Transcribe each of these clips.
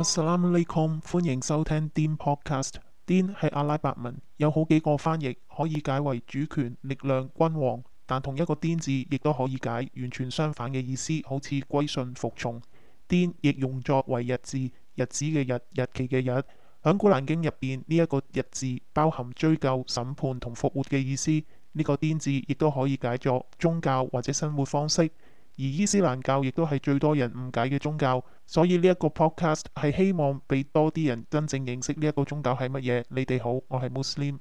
Assalamualaikum，歡迎收聽 Dean Podcast。Dean 係阿拉伯文，有好幾個翻譯，可以解為主權、力量、君王，但同一個 Dean 字亦都可以解完全相反嘅意思，好似歸順、服從。Dean 亦用作為日字，日子嘅日、日期嘅日。喺古蘭經入邊，呢、這、一個日字包含追究、審判同復活嘅意思。呢、這個 Dean 字亦都可以解作宗教或者生活方式。而伊斯蘭教亦都係最多人誤解嘅宗教，所以呢一個 podcast 係希望俾多啲人真正認識呢一個宗教係乜嘢。你哋好，我係穆斯林。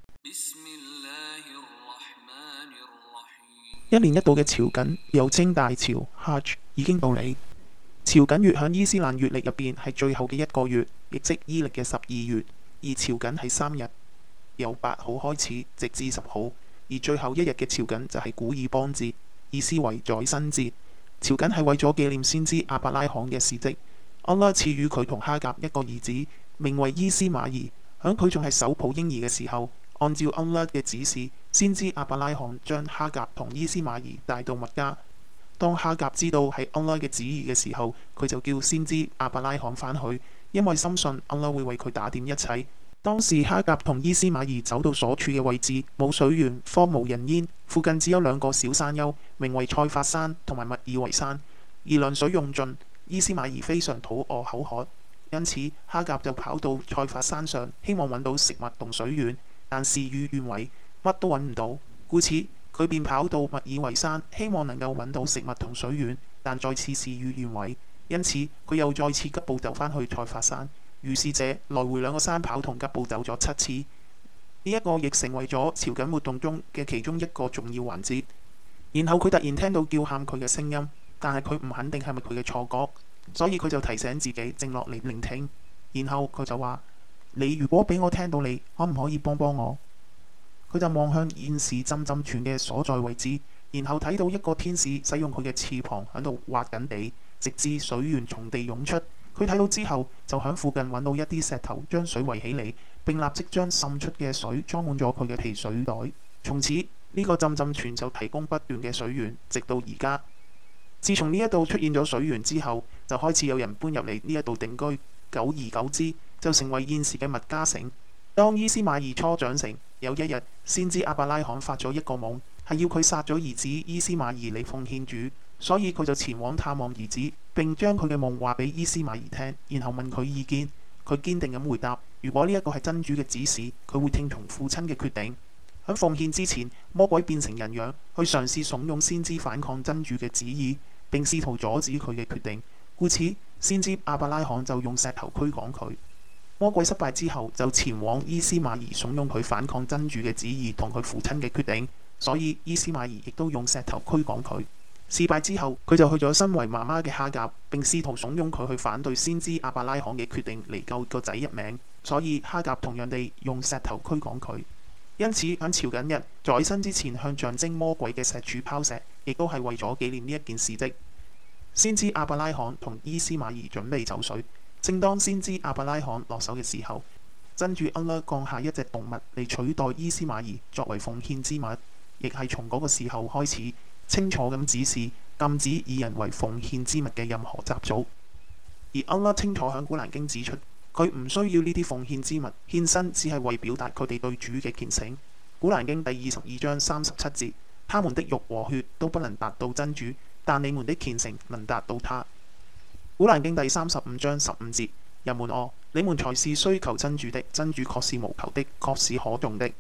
一年一度嘅朝覲又稱大朝 hajj 已經到嚟。朝覲月響伊斯蘭月曆入邊係最後嘅一個月，亦即伊曆嘅十二月。而朝覲係三日，由八號開始，直至十號，而最後一日嘅朝覲就係古爾邦節，意思為宰牲節。朝覲係為咗紀念先知阿伯拉罕嘅事蹟，安拉賜予佢同哈甲一個兒子，名為伊斯馬兒。響佢仲係手抱嬰兒嘅時候，按照安拉嘅指示，先知阿伯拉罕將哈甲同伊斯馬兒帶到麥加。當哈甲知道係安拉嘅旨意嘅時候，佢就叫先知阿伯拉罕返去，因為深信安拉會為佢打點一切。當時哈甲同伊斯馬兒走到所處嘅位置，冇水源，荒無人煙，附近只有兩個小山丘，名為塞法山同埋麥爾維山。而糧水用盡，伊斯馬兒非常肚餓口渴，因此哈甲就跑到塞法山上，希望搵到食物同水源，但事與願違，乜都搵唔到，故此佢便跑到麥爾維山，希望能夠搵到食物同水源，但再次事與願違，因此佢又再次急步走返去塞法山。於是者，者來回兩個山跑同急步走咗七次，呢、這、一個亦成為咗朝覲活動中嘅其中一個重要環節。然後佢突然聽到叫喊佢嘅聲音，但係佢唔肯定係咪佢嘅錯覺，所以佢就提醒自己靜落嚟聆聽。然後佢就話：你如果俾我聽到你，可唔可以幫幫我？佢就望向現時滲滲泉嘅所在位置，然後睇到一個天使使用佢嘅翅膀喺度挖緊地，直至水源從地湧出。佢睇到之後，就喺附近揾到一啲石頭，將水圍起嚟，並立即將滲出嘅水裝滿咗佢嘅皮水袋。從此呢個浸浸泉就提供不斷嘅水源，直到而家。自從呢一度出現咗水源之後，就開始有人搬入嚟呢一度定居。久而久之，就成為現時嘅麥加城。當伊斯瑪兒初長成，有一日先知阿伯拉罕發咗一個夢，係要佢殺咗兒子伊斯瑪兒嚟奉獻主，所以佢就前往探望兒子。並將佢嘅夢話俾伊斯瑪兒聽，然後問佢意見。佢堅定咁回答：如果呢一個係真主嘅指示，佢會聽從父親嘅決定。喺奉獻之前，魔鬼變成人樣，去嘗試慫恿先知反抗真主嘅旨意，並試圖阻止佢嘅決定。故此，先知阿伯拉罕就用石頭驅趕佢。魔鬼失敗之後，就前往伊斯瑪兒慫恿佢反抗真主嘅旨意同佢父親嘅決定，所以伊斯瑪兒亦都用石頭驅趕佢。事敗之後，佢就去咗身為媽媽嘅哈甲，並試圖慫恿佢去反對先知阿伯拉罕嘅決定嚟救個仔一命。所以哈甲同樣地用石頭驅趕佢。因此喺朝覲日，宰牲之前向象徵魔鬼嘅石柱拋石，亦都係為咗紀念呢一件事蹟。先知阿伯拉罕同伊斯瑪兒準備走水，正當先知阿伯拉罕落手嘅時候，真主安拉降下一隻動物嚟取代伊斯瑪兒作為奉獻之物，亦係從嗰個時候開始。清楚咁指示禁止以人為奉獻之物嘅任何習俗，而安拉清楚喺古蘭經指出，佢唔需要呢啲奉獻之物，獻身只係為表達佢哋對主嘅虔誠。古蘭經第二十二章三十七節，他們的肉和血都不能達到真主，但你們的虔誠能達到他。古蘭經第三十五章十五節，人們哦，你們才是需求真主的，真主確是無求的，確是可頌的。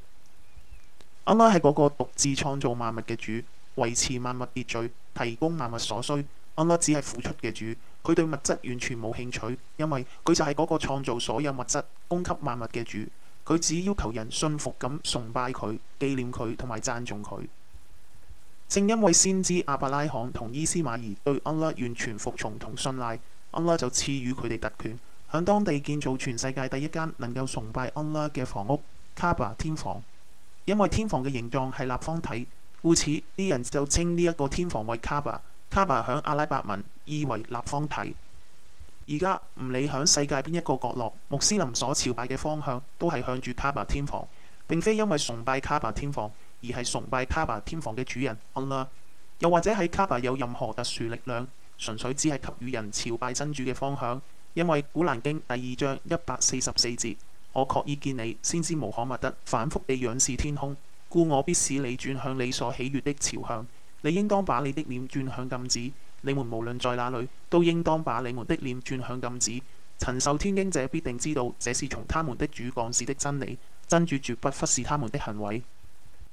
安拉係嗰個獨自創造萬物嘅主。維持萬物秩序、提供萬物所需，安拉只係付出嘅主。佢對物質完全冇興趣，因為佢就係嗰個創造所有物質、供給萬物嘅主。佢只要求人信服、咁崇拜佢、紀念佢同埋讚頌佢。正因為先知阿伯拉罕同伊斯瑪爾對安拉完全服從同信賴，安拉就賜予佢哋特權，響當地建造全世界第一間能夠崇拜安拉嘅房屋——卡巴天房。因為天房嘅形狀係立方體。故此，啲人就稱呢一個天房為卡巴。卡巴響阿拉伯文意為立方體。而家唔理響世界邊一個角落，穆斯林所朝拜嘅方向都係向住卡巴天房。並非因為崇拜卡巴天房，而係崇拜卡巴天房嘅主人安拉。又或者喺卡巴有任何特殊力量，純粹只係給予人朝拜真主嘅方向。因為《古蘭經》第二章一百四十四節：我確已見你，先知穆罕默德，反覆地仰視天空。故我必使你轉向你所喜悅的朝向。你應當把你的臉轉向禁寺。你們無論在哪裏，都應當把你們的臉轉向禁寺。曾受天經者必定知道，這是從他們的主降示的真理。真主絕不忽視他們的行為。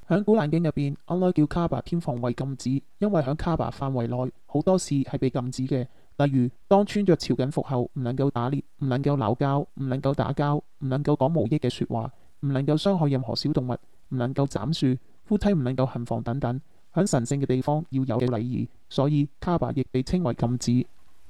喺古蘭經入邊，安乃叫卡巴天房為禁寺，因為喺卡巴範圍內好多事係被禁止嘅，例如當穿着朝覲服後唔能夠打獵，唔能夠鬧交，唔能夠打交，唔能夠講無益嘅說話，唔能夠傷害任何小動物。唔能夠斬樹，夫妻唔能夠行房，等等響神聖嘅地方要有嘅禮儀，所以卡巴亦被稱為禁止。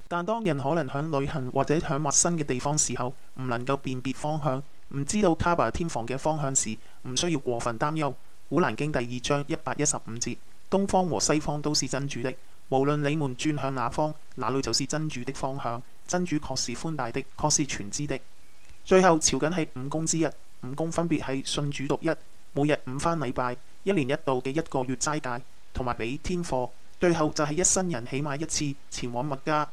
但當人可能響旅行或者響陌生嘅地方時候，唔能夠辨別方向，唔知道卡巴天房嘅方向時，唔需要過分擔憂。古蘭經第二章一百一十五節：東方和西方都是真主的，無論你們轉向哪方，哪裏就是真主的方向。真主確是寬大的，確是全知的。最後朝覲係五功之一，五功分別係信主、獨一。每日五番禮拜，一年一度嘅一個月齋戒，同埋俾天課，最後就係一生人起碼一次前往麥加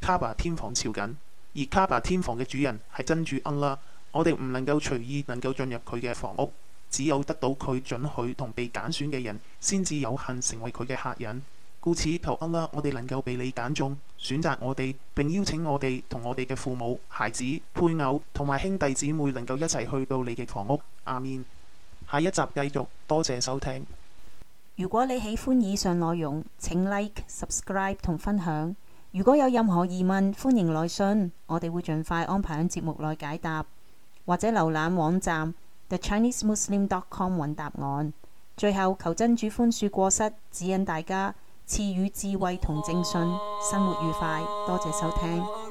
卡巴天房朝覲。而卡巴天房嘅主人係真主安拉，我哋唔能夠隨意能夠進入佢嘅房屋，只有得到佢准許同被揀選嘅人先至有幸成為佢嘅客人。故此求安拉，我哋能夠被你揀中，選擇我哋，並邀請我哋同我哋嘅父母、孩子、配偶同埋兄弟姊妹，能夠一齊去到你嘅房屋。阿敏。下一集繼續，多謝收聽。如果你喜歡以上內容，請 like、subscribe 同分享。如果有任何疑問，歡迎來信，我哋會盡快安排喺節目內解答，或者瀏覽網站 thechinesemuslim.com Dot 揾答案。最後，求真主寬恕過失，指引大家賜予智慧同正信，生活愉快。多謝收聽。